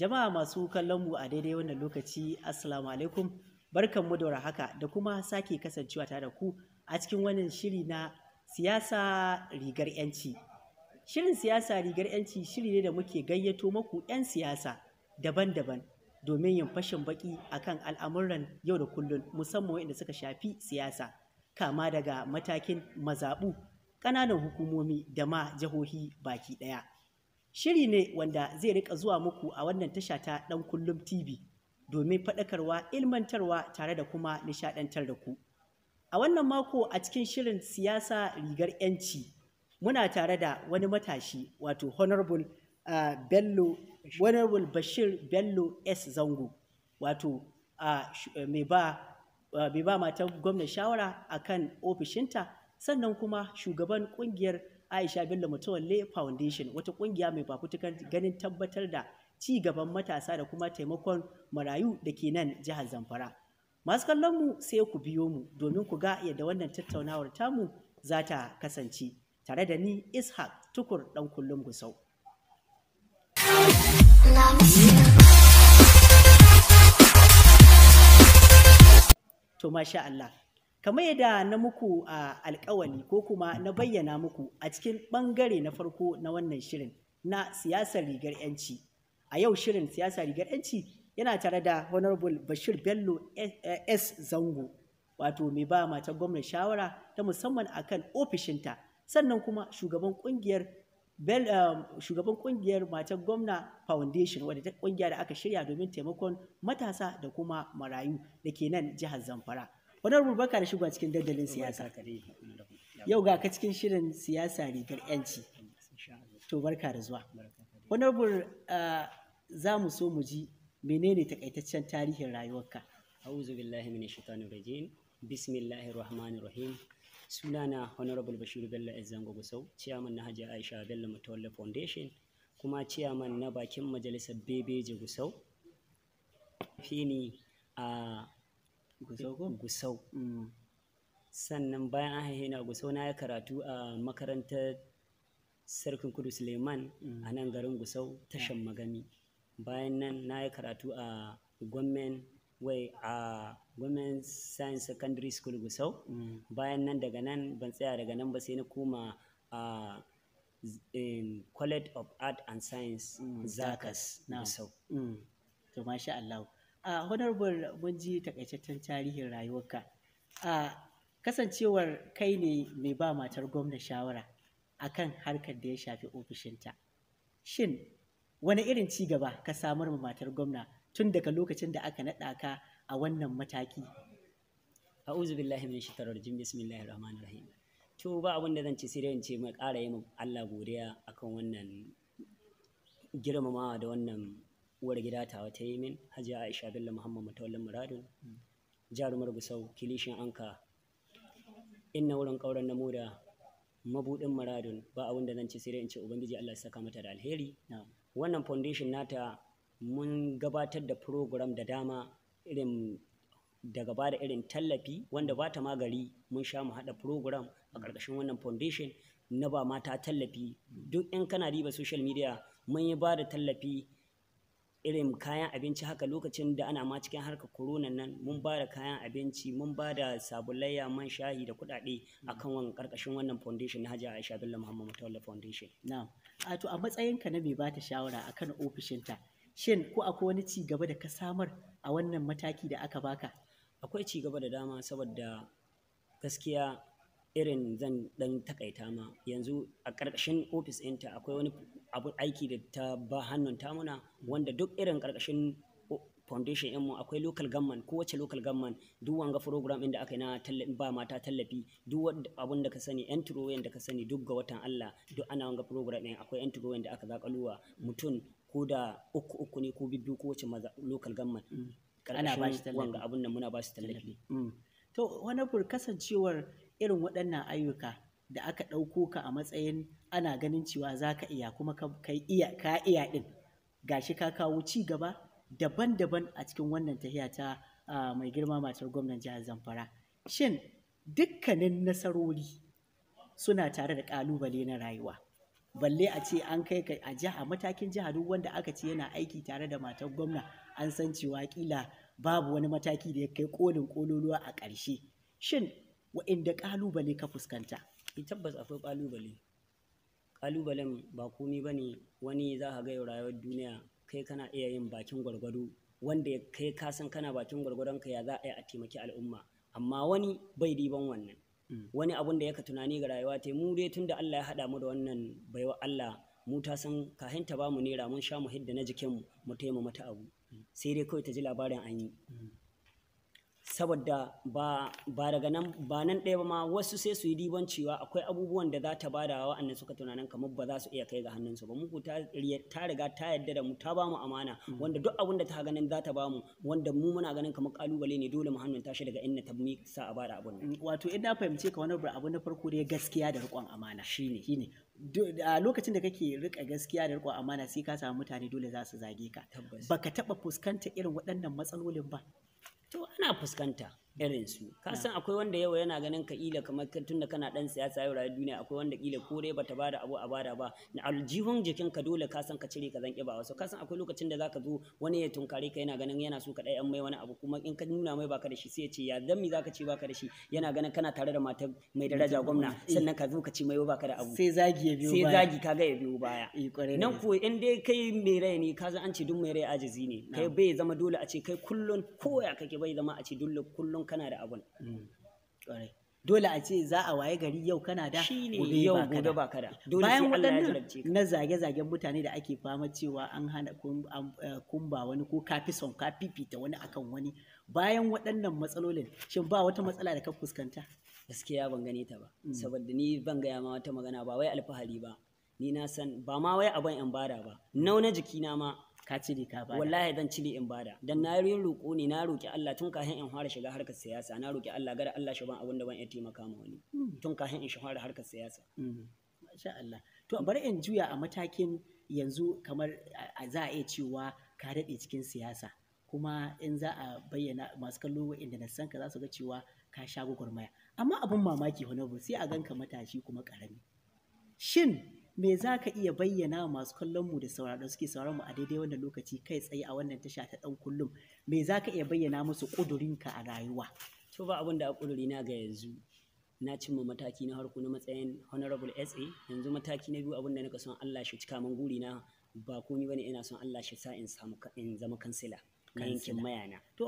Jama'a masu kallon mu a daidai wannan lokaci, Assalamu alaikum, mu da haka, da kuma sake kasancewa tare da ku a cikin wannan shiri na siyasa rigar 'yanci. Shirin siyasa rigar 'yanci shiri ne da muke gayyato maku 'yan siyasa daban-daban domin yin fashin baki akan al'amuran yau da kullum, musamman waɗanda suka shafi siyasa kama daga matakin mazaɓu ƙananan hukumomi da ma jihohi baki ɗaya shiri ne wanda zai rika zuwa muku a wannan tasha ta ɗan kullum tv domin faɗakarwa ilmantarwa tare da kuma nishaɗantar da ku a wannan mako a cikin shirin siyasa rigar 'yanci muna tare da wani matashi wato honorable uh, bello Honorable Bashir Bello S. Zango, wato eh, eh, mai ba mata gwamna shawara akan ofishinta sannan kuma shugaban kungiyar Aisha Bello mutuwalle Foundation wata kungiya mai fafutukar ganin tabbatar da ci gaban matasa da kuma taimakon marayu da ke nan jihar Zamfara. Masu kallon mu sai ku biyo mu domin ku ga yadda wannan tattaunawar tamu za ta kasance tare da ni Ishaq Tukur ɗan kullum Gusau. To masha Allah. Kamar yadda na muku a alkawali ko kuma na bayyana muku a cikin ɓangare na farko na wannan shirin na siyasar rigar 'yanci. A yau shirin siyasar rigar 'yanci yana tare da Honorable Bashir Bello eh, S. Zango, wato mai ba matar gwamnan shawara ta musamman akan ofishinta, sannan kuma shugaban ƙungiyar bel um, shugaban kungiyar matan gwamna foundation wadda ta kungiya da aka shirya domin taimakon matasa da kuma marayu da ke nan jihar zamfara honorable baka da shigowa cikin dandalin siyasa yau ga ka cikin shirin siyasa rigar yanci to barka da zuwa honorable uh, za mu so mu ji menene takaitaccen tarihin rayuwarka a'udhu billahi minash shaitanir rajim bismillahir rahmanir rahim sunana honorable bashiru bello ezango gusau ciyaman na hajji aisha bello mutawalla foundation kuma ciyaman na bakin majalisar Bebeji gusau fini a gusau mm. sannan bayan an haihe na gusau na ya karatu a makarantar sarkin kudu suleiman mm. a nan garin gusau tashan magami bayan nan na ya karatu a gwamnan wai a women science secondary school gusau mm. bayan nan daga nan ban tsaya daga nan ba sai na koma a college of art and science mm, zakas sau mm. to masha Allah a honorable mun ji takaitaccen tarihin rayuwarka a kasancewar kai ne mai ba matar gwamna shawara akan harkar da ya shafi ofishinta shin wani irin ci gaba ka samar ma matar gwamna tun daga lokacin da aka naɗa ka a wannan mataki a'udhu billahi min shaitanir rajim bismillahir rahmanir rahim to ba abin da zan ce sai dai in ce mai ƙara yi Allah godiya akan wannan girmamawa da wannan uwar gida ta ta yi min hajiya Aisha Bello Muhammad Mutawallin Muradun jarumar Gusau kilishin anka inna wurin ƙauren na moda mabuɗin muradun ba abin da zan ce sai dai in ce ubangiji Allah ya saka mata da alheri wannan foundation nata mun gabatar da program da dama irin daga ba da irin tallafi wanda ba ta magari mun sha mu haɗa program a ƙarƙashin wannan foundation na ba mata tallafi duk in kana riba social media mun yi ba da tallafi irin kayan abinci haka lokacin da ana ma cikin harka corona nan mun ba da kayan abinci mun ba da sabulayya man shahi da kuɗaɗe a kan wani ƙarƙashin wannan foundation na hajji aisha bello Muhammadu foundation na a to a matsayinka na mai ba ta shawara akan ofishinta shin ko akwai wani ci gaba da ka samar a wannan mataki da aka baka akwai ci gaba da dama saboda gaskiya irin zan dan takaita ma yanzu a karkashin ofis ɗinta akwai wani abu aiki da ta ba hannun tamuna wanda duk irin karkashin foundation yanmu akwai local government wacce local government duk wanga program inda aka yi na ba mata tallafi duk abun da ka sani yan turowayen da ka sani duk ga watan Allah duk ana wanga program ɗin akwai yan turowayen da aka zaƙaluwa mutum ko da uku uku ne ko biyu ko wace maza local government mm. ana ba shi tallafi. abun nan muna ba shi tallafi mm. to wani kasancewar irin waɗannan ayyuka da aka ɗauko ka a matsayin ana ganin cewa za ka iya kuma ka iya ka iya ɗin gashi ka kawo ci gaba daban-daban a cikin wannan tahiya ta mai girma matar gwamnan jihar zamfara shin dukkanin nasarori suna tare da ƙalubale na rayuwa balle a ce an kai ka a jiha matakin jiha duk wanda aka ce yana aiki tare da matar gwamna an san cewa kila babu wani mataki da ya kai kolin kololuwa a ƙarshe shin wa'inda ƙalubale ka fuskanta eh, tabbas akwai ƙalubale ƙalubalen ba komi ba ne wani za ka ga rayuwar duniya kai kana iya yin bakin gwargwado wanda kai ka san kana bakin gwargwadon ka ya za a yi a taimaki al'umma amma wani bai riban wannan Mm. wani abun da yaka tunani ga rayuwa te mu dai tunda Allah ya haɗa mu da wannan baiwa Allah mu ta san kahin ta ba bamu nera mun sha mu hidda na jikin mu mu taimu mata abu mm. sai dai kawai ta ji labarin an yi mm. saboda ba ba daga nan ba nan ɗaya ba ma wasu sai su yi diban cewa akwai abubuwan da za ta ba da wa'annan suka tunanin kamar ba za su iya kai ga hannunsu ba muku ta riga ta yarda da mu ta ba mu amana mm. wanda duk abin da ta ganin za ta ba mu wanda mu muna ganin kamar kalubale ne dole mu hannun tashi daga inna ta mi sa a ba da abun nan mm, wato idan fahimce ka wani abu na farko dai gaskiya da riƙon amana shine shine a lokacin da kake rika gaskiya da rikon amana sai ka samu mutane dole za su zage ka baka taba fuskanta irin waɗannan matsalolin ba to ana fuskanta irin su ka san akwai wanda yau yana ganin ka ila kamar tun da kana dan siyasa yau rayuwar duniya akwai wanda kila ko dai bata bada abu a bada ba na aljihun jikin ka dole ka san ka cire ka zan ba wasu ka san akwai lokacin da zaka zo wani ya tunkare ka yana ganin yana so ka dai an mai wani abu kuma in ka nuna mai baka da shi sai ya ce ya dan mi zaka ce baka da shi yana ganin kana tare da matar mai daraja gwamna eh. sannan ka zo ka ce mai baka da abu sai zagi ya biyo baya sai zagi kaga ya biyo baya eh, nan ko in dai kai mai rai ne ka san an ce duk mai rai ajizi ne kai bai zama dole a ce kai kullun koya kake bai zama a ce dole kullun kullum kana da abun mm. dole a ce za a waye gari yau kana da gobe yau gobe ba kada bayan waɗannan na zage-zagen mutane da ake fama cewa an hana kumba eh, wani ko kafi son ka fifita wani akan wani bayan waɗannan matsalolin shin ba wata matsala da ka fuskanta gaskiya ban gane ta ba mm. saboda ni ban gaya ma wata magana ba wai alfahari ba ni na san ba ma wai abin yan bada ba nau na jikina ma ka cire ka bada wallahi zan cire in bada dan na yi roƙo ne na roƙi Allah tun kafin in fara shiga harkar siyasa na roƙi Allah gara Allah shi ban abin da ban iya taimaka ma wani hmm. tun kafin in shi fara harkar siyasa hmm. masha Allah to bari in juya a matakin yanzu kamar za a iya cewa ka daɗe cikin siyasa kuma in za a bayyana masu kallo wa'inda na san ka za su ga cewa ka sha gwagwarmaya amma abin mamaki honorable sai a ganka matashi kuma ƙarami shin me za ka iya bayyana masu kallon mu da sauraron suke sauraron mu a daidai wannan lokaci kai tsaye a wannan tasha ta dan kullum me za ka iya bayyana musu kudurin ka a rayuwa to ba abin da a kuduri na ga yanzu na cimma mataki na harko na matsayin honorable SA yanzu mataki na biyu abin da naka son Allah shi cika min guri na ba komai bane ina son Allah shi sa in samu in zama kansila na mayana. To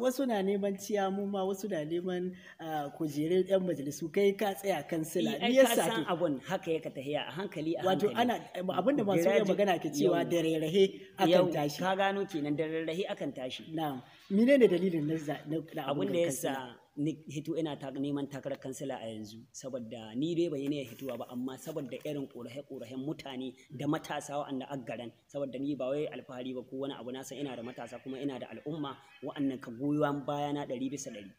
wasu na neman ciyamu ma wasu na neman ah, kujerar 'yan majalisu kai ka tsaya kansila. Ni eh, ya sa abun haka ya tahiya a hankali a hankali. Wato ana abin da masu iya magana ke cewa da rarrahe akan tashi. Yau ka gano kenan da rarrahe akan tashi. na Menene dalilin na abun da ya sa ni hito ina neman takarar kansila a yanzu saboda ni dai bai ne hituwa ba amma saboda irin korahe korahen mutane da matasa wa'anda aggaran saboda ni ba wai alfahari ba ko wani abu na san ina da matasa kuma ina da al'umma wa'annan ka goyon baya na ɗari bisa ɗari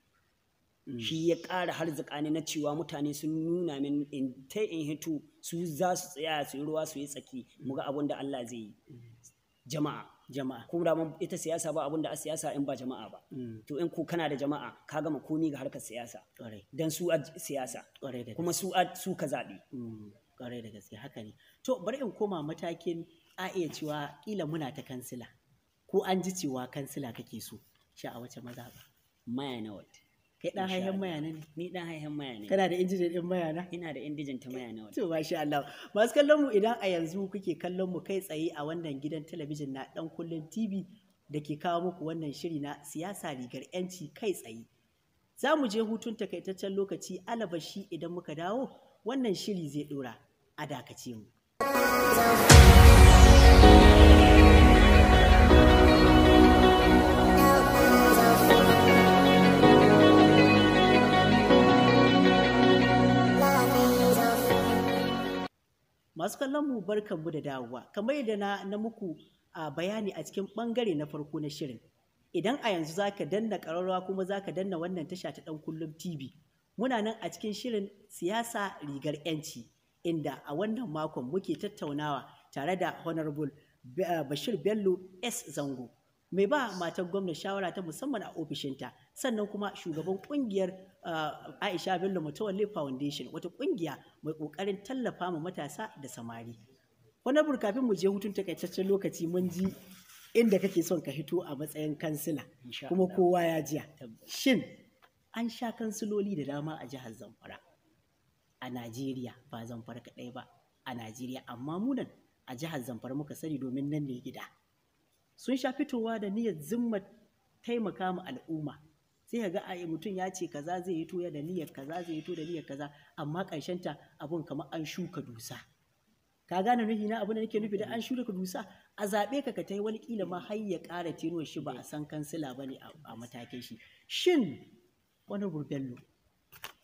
mm. shi ya ƙara har ne na cewa mutane sun nuna min in ta in hito su za su tsaya su yi ruwa su yi tsaki mu ga abin da Allah zai yi mm. jama'a jama'a ko da ita siyasa ba abun da a siyasa in ba jama'a ba mm. to in ko kana da jama'a ka gama komi ga harkar siyasa dan su a siyasa kuma su a su ka zaɓe kware mm. da gaske haka ne to bari in koma matakin a iya cewa kila muna ta kansila ko an ji cewa kansila kake so sha a wace maza ba maya na Kai dan haihen maya ne? Ni dan haihen maya ne. Kana da indijin din maya na? Ina da indijin ta maya na. To masha Allah. Masu kallon mu idan a yanzu kuke kallon mu kai tsaye a wannan gidan talabijin na dan kullun TV da ke kawo muku wannan shiri na siyasa rigar yanci kai tsaye. Za mu je hutun takaitaccen lokaci alabashi idan muka dawo wannan shiri zai dora a dakace mu. masu kallon mu barkanmu da dawowa kamar yadda na, na muku a bayani a cikin bangare na farko na shirin idan a yanzu zaka danna ƙararrawa kuma zaka danna wannan tasha ta ɗan kullum tv muna nan a cikin shirin siyasa rigar yanci inda a wannan makon muke tattaunawa tare da honorable bashir bello s zango mai ba matan gwamna shawara ta musamman a ofishinta sannan kuma shugaban kungiyar aisha bello mutawalli foundation wata kungiya mai ƙoƙarin tallafa ma matasa da samari. Wani abu kafin mu je hutun takaitaccen lokaci mun ji inda kake son ka hito a matsayin kansila kuma kowa ya jiya. Shin an sha kansiloli da dama a jihar Zamfara a Najeriya ba Zamfara kaɗai ba a Najeriya amma munan a jihar Zamfara muka sani domin nan ne gida. Sun sha fitowa da niyyar zimmar taimaka ma al'umma sai ka ga a mutum ya ce kaza zai yi tuya da niyyar kaza zai yi tuya da niyyar kaza amma ƙarshen ta abun kamar an shuka dusa ka gane nufi na abin da nake nufi da an shuka dusa a zaɓe ka ka tai wani kila ma har ya ƙara tenuwar shi ba a san kansila ba ne a matakin shi shin wani burbello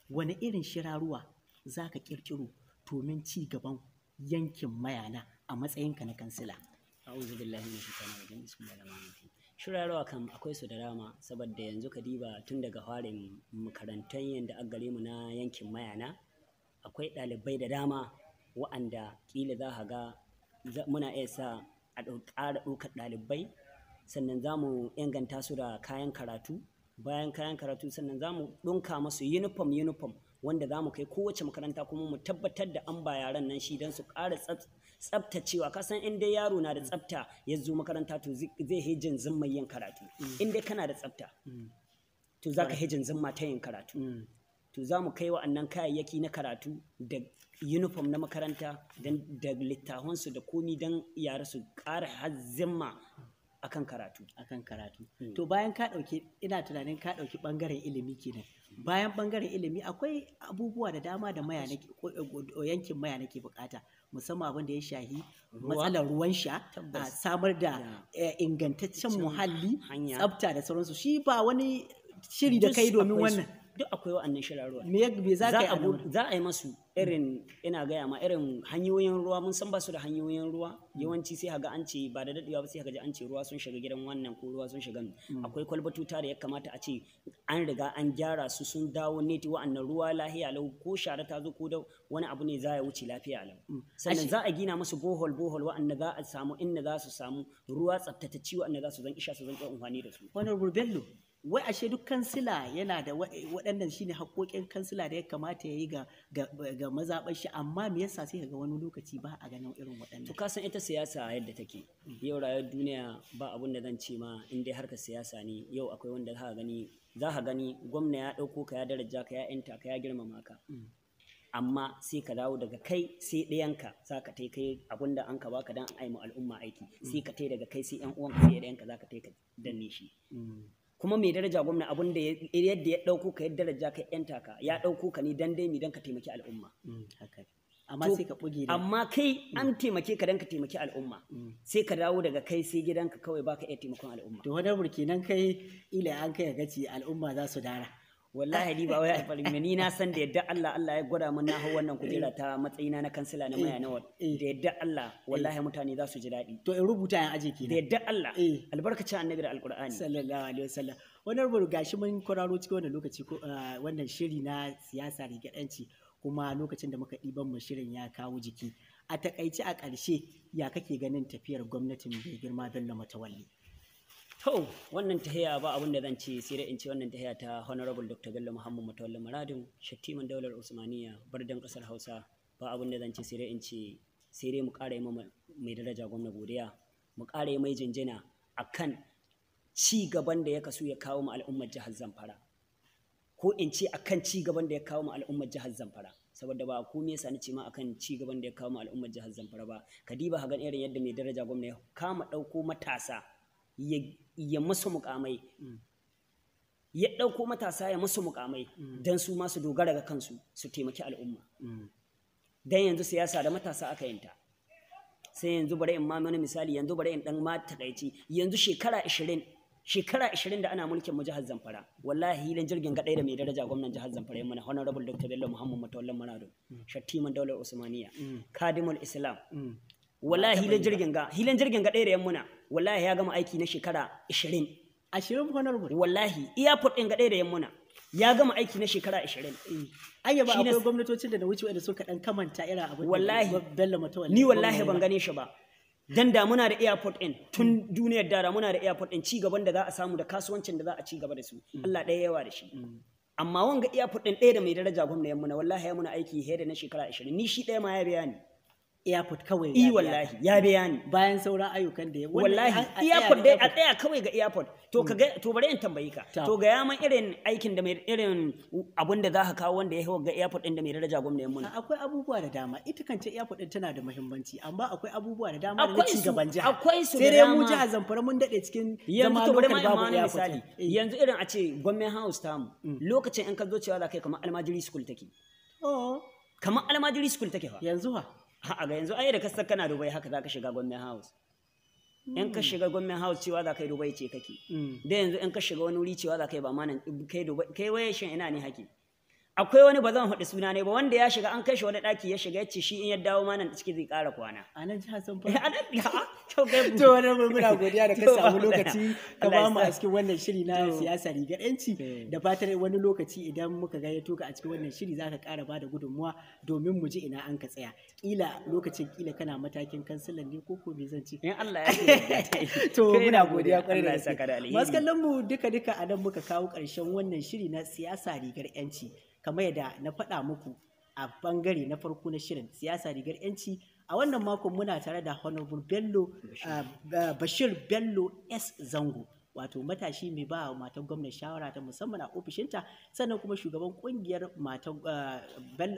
wani irin shiraruwa za ka ƙirƙiro domin ci gaban yankin mayana a matsayinka na kansila a'udhu billahi minash shaitanir rajim bismillahir rahmanir rahim shirarwa kan akwai su da rama saboda yanzu ka diba tun daga farin makarantar yadda a gare mu na yankin mayana akwai ɗalibai da dama wa'anda ƙila za ga muna iya sa a ƙara ɗaukar ɗalibai sannan za mu inganta su da kayan karatu bayan kayan karatu sannan za mu ɗunka masu uniform uniform wanda za mu kai kowace makaranta kuma mu tabbatar da an ba yaran nan shi don su ƙara tsabtacewa ka san in dai yaro na da mm. tsafta ya zo makaranta to zai hijin zimma yin karatu mm. in dai kana da tsafta mm. to za ka hijin zimma ta yin karatu to za mu kai wa'annan kayayyaki na karatu da uniform na makaranta da littafansu da komi don yara su ƙara zimma akan karatu akan karatu to bayan ka dauke ina tunanin ka dauki bangaren ilimi kenan bayan bangaren ilimi akwai abubuwa da dama da maya nake eh, yankin maya nake bukata musamman abin da ya shahi matsalar ruwan sha a samar da eh, ingantaccen muhalli tsabta da sauransu shi ba wani shiri da kai domin wannan duk akwai wa'annan shirarruwa me za ka za a yi masu irin ina gaya ma irin hanyoyin ruwa mun san ba su da hanyoyin ruwa yawanci sai haga an ce ba da dadewa ba sai haga an ce ruwa sun shiga gidan wannan ko ruwa sun shiga hmm. akwai kwalbatuta da ya kamata a ce an riga an gyara su sun dawo neti wa'annan ruwa lahiya lau ko shara ta zo ko da wani abu ne za ya wuce lafiya lau hmm. sannan za a gina masu bohol bohol wa'annan za a samu inda za su samu ruwa tsaftatacci wa'annan za su zan isha su zan amfani da su wannan rubello wai ashe duk kansila yana da waɗannan shine haƙoƙin kansila da ya kamata ya yi ga ga mazaɓar shi amma me yasa sai ga wani lokaci ba a ganin irin waɗannan to kasan ita siyasa yadda take mm. yau rayuwar duniya ba abun da zan ce ma in dai harkar siyasa ne yau akwai wanda za gani za ka gani gwamna ya ɗauko ka ya daraja ka ya yanta ka ya girmama ka mm. amma sai ka dawo daga kai sai ɗayanka za ka tai kai abin da an ka baka dan a al'umma aiki mm. sai ka tai daga kai sai yan uwanka sai ɗayanka za ka tai ka danne shi kuma mai daraja gwamna abun da yadda ya ɗauko ka yadda daraja ka yanta ka ya ɗauko ka ni dan dai mi dan ka taimaki al'umma mm, amma sai ka buge amma kai mm. an taimake ka dan ka taimaki al'umma mm. sai ka dawo daga kai sai gidanka kawai baka iya taimakon al'umma to wani nan kai ila an kai gaci al'umma za su dara wallahi ni ba wai alfarin ni na san da yadda Allah Allah ya gwada mun na hau wannan kujera ta matsayina na kansila na maya nawa eh, eh. da yadda Allah wallahi mutane za su ji daɗi to in rubuta yan aje kenan da yadda Allah eh. albarkacin annabi da alqur'ani sallallahu alaihi wasallam wannan rubutu gashi mun kwararo cikin wannan lokaci ko ah, wannan shiri na siyasa da gadanci kuma lokacin da muka ɗiban mu shirin ya kawo jiki a takaice a ƙarshe ya kake ganin tafiyar gwamnatin bai girma bello matawalli To, wannan tahiya ba abin da zan ce sai dai in ce wannan tahiya ta Honorable Dr. Bello Muhammad Mutawalla Muradin, Shattiman Daular Usmaniya, Bardan Kasar Hausa, ba abin da zan ce sai dai in ce sai dai mu ƙara yi mai daraja gwamna godiya, mu ƙara yi mai jinjina akan ci gaban da ya kasu ya kawo mu al'ummar jihar Zamfara. Ko in ce akan ci gaban da ya kawo mu al'ummar jihar Zamfara. saboda ba ko me yasa ce ma akan ci gaban da ya kawo mu al'ummar jihar Zamfara ba kadiba hagan irin yadda mai daraja gwamna ya kama ɗauko matasa ya ya musu mukamai mm. ya ɗauko matasa ya musu mukamai mm. don su masu dogara ga kansu su taimaki al'umma mm. don yanzu siyasa da matasa aka yinta sai yanzu bari in mamani misali yanzu bari in dan mata takaici yanzu shekara 20 shekara 20 da ana mulkin mu jihar Zamfara wallahi hilin jirgin gaɗai da mai daraja gwamnan jihar Zamfara yamma honorable Dr. Bello Muhammad Matawallan Maradu. Shattiman Daular Usmaniya Kadimul Islam wallahi hilin jirgin ga hilin jirgin gadai da yamma wallahi ya gama aiki na shekara 20 ashirin fanar guri wallahi airport ɗin ga ɗaya da yammuna ya gama aiki na shekara 20 eh. ai ba akwai gwamnatocin da na wuce wanda suka dan kamanta ira abin wallahi ni wallahi ban gane shi ba dan da muna da airport din tun mm. duniyar dara muna da airport din ci gaban da za a samu da kasuwancin da za a ci gaba da su mm. Allah ɗaya yawa da shi mm. amma wanga airport din ɗaya da mai daraja gwamna yammuna wallahi ya muna aiki hede na shekara 20 ni shi ɗaya ma ya biya ni airport kawai ya eh, wallahi ya biya ni bayan sauran ayyukan da ya wallahi airport dai a tsaya kawai ga airport to hmm. ka ga to bari in tambayi ka to ga yaman irin aikin da mai irin abun da zaka kawo wanda ya ga airport din da mai daraja gwamnati mun akwai abubuwa da dama ita kance airport din tana da muhimmanci amma akwai abubuwa da dama da ci gaban jiha akwai su da dama sai mu jiha Zamfara mun dade cikin zama lokacin babu misali. yanzu irin a ce gwamnati house tamu hmm. lokacin in ka zo cewa za kai kamar almajiri school take oh. kamar almajiri school take fa yanzu ha a ga yanzu ai da kasar kana Dubai haka za ka shiga gwamnan house. in ka shiga gwamnan house cewa za ka yi dubai ce kake mm. da yanzu in ka shiga wani wuri cewa za ka yi ba manan kai dubai kai waye shin ina ne hake akwai wani ba zan haɗu suna ne ba wanda ya shiga an kai shi wani ɗaki ya shiga ya ce shi in ya dawo ma nan ciki zai ƙara kwana. A nan jihar Zamfara. A nan jihar To wani muna godiya da ka samu lokaci ka ba mu a cikin wannan shiri na siyasa rigar ƴanci eh. da fatar wani lokaci idan muka ga ya toka a cikin wannan shiri za ka ƙara ba da gudunmuwa domin mu ji ina an ka tsaya. Ƙila lokacin ƙila kana matakin kansilan ne ko ko me zan ci. In Allah ya yi. To muna godiya ƙwarai da gaske. Masu kallon mu duka-duka a nan muka kawo ƙarshen wannan shiri na siyasa rigar ƴanci. kamar yadda na faɗa muku a bangare na farko na shirin siyasa rigar yanci a wannan makon muna tare da honorable bello bashir ah, bello s zango wato matashi mai ba matan gwamnan shawara ta musamman a ofishinta sannan kuma shugaban kungiyar matan ah,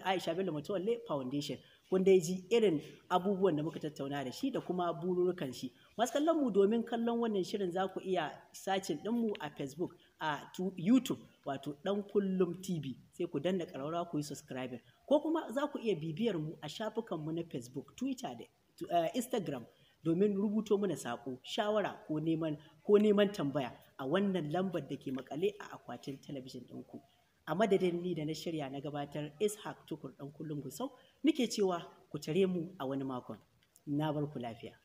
aisha bello mutuwalle foundation kun dai ji irin abubuwan da muka tattauna da shi da kuma bururukan shi masu kallon mu domin kallon wannan shirin za ku iya sacin ɗinmu a facebook a youtube wato dan kullum tv sai ku danna ƙararrawa ku yi subscribing ko kuma za ku iya bibiyar mu a shafukan mu na facebook twitter da uh, instagram domin rubuto mana saƙo shawara ko neman ko neman tambaya a wannan lambar da ke makale a akwatin talabijin ɗinku a madadin ni da na shirya na gabatar ishaq tukur ɗan kullum gusau nike cewa ku tare mu a wani makon na barku lafiya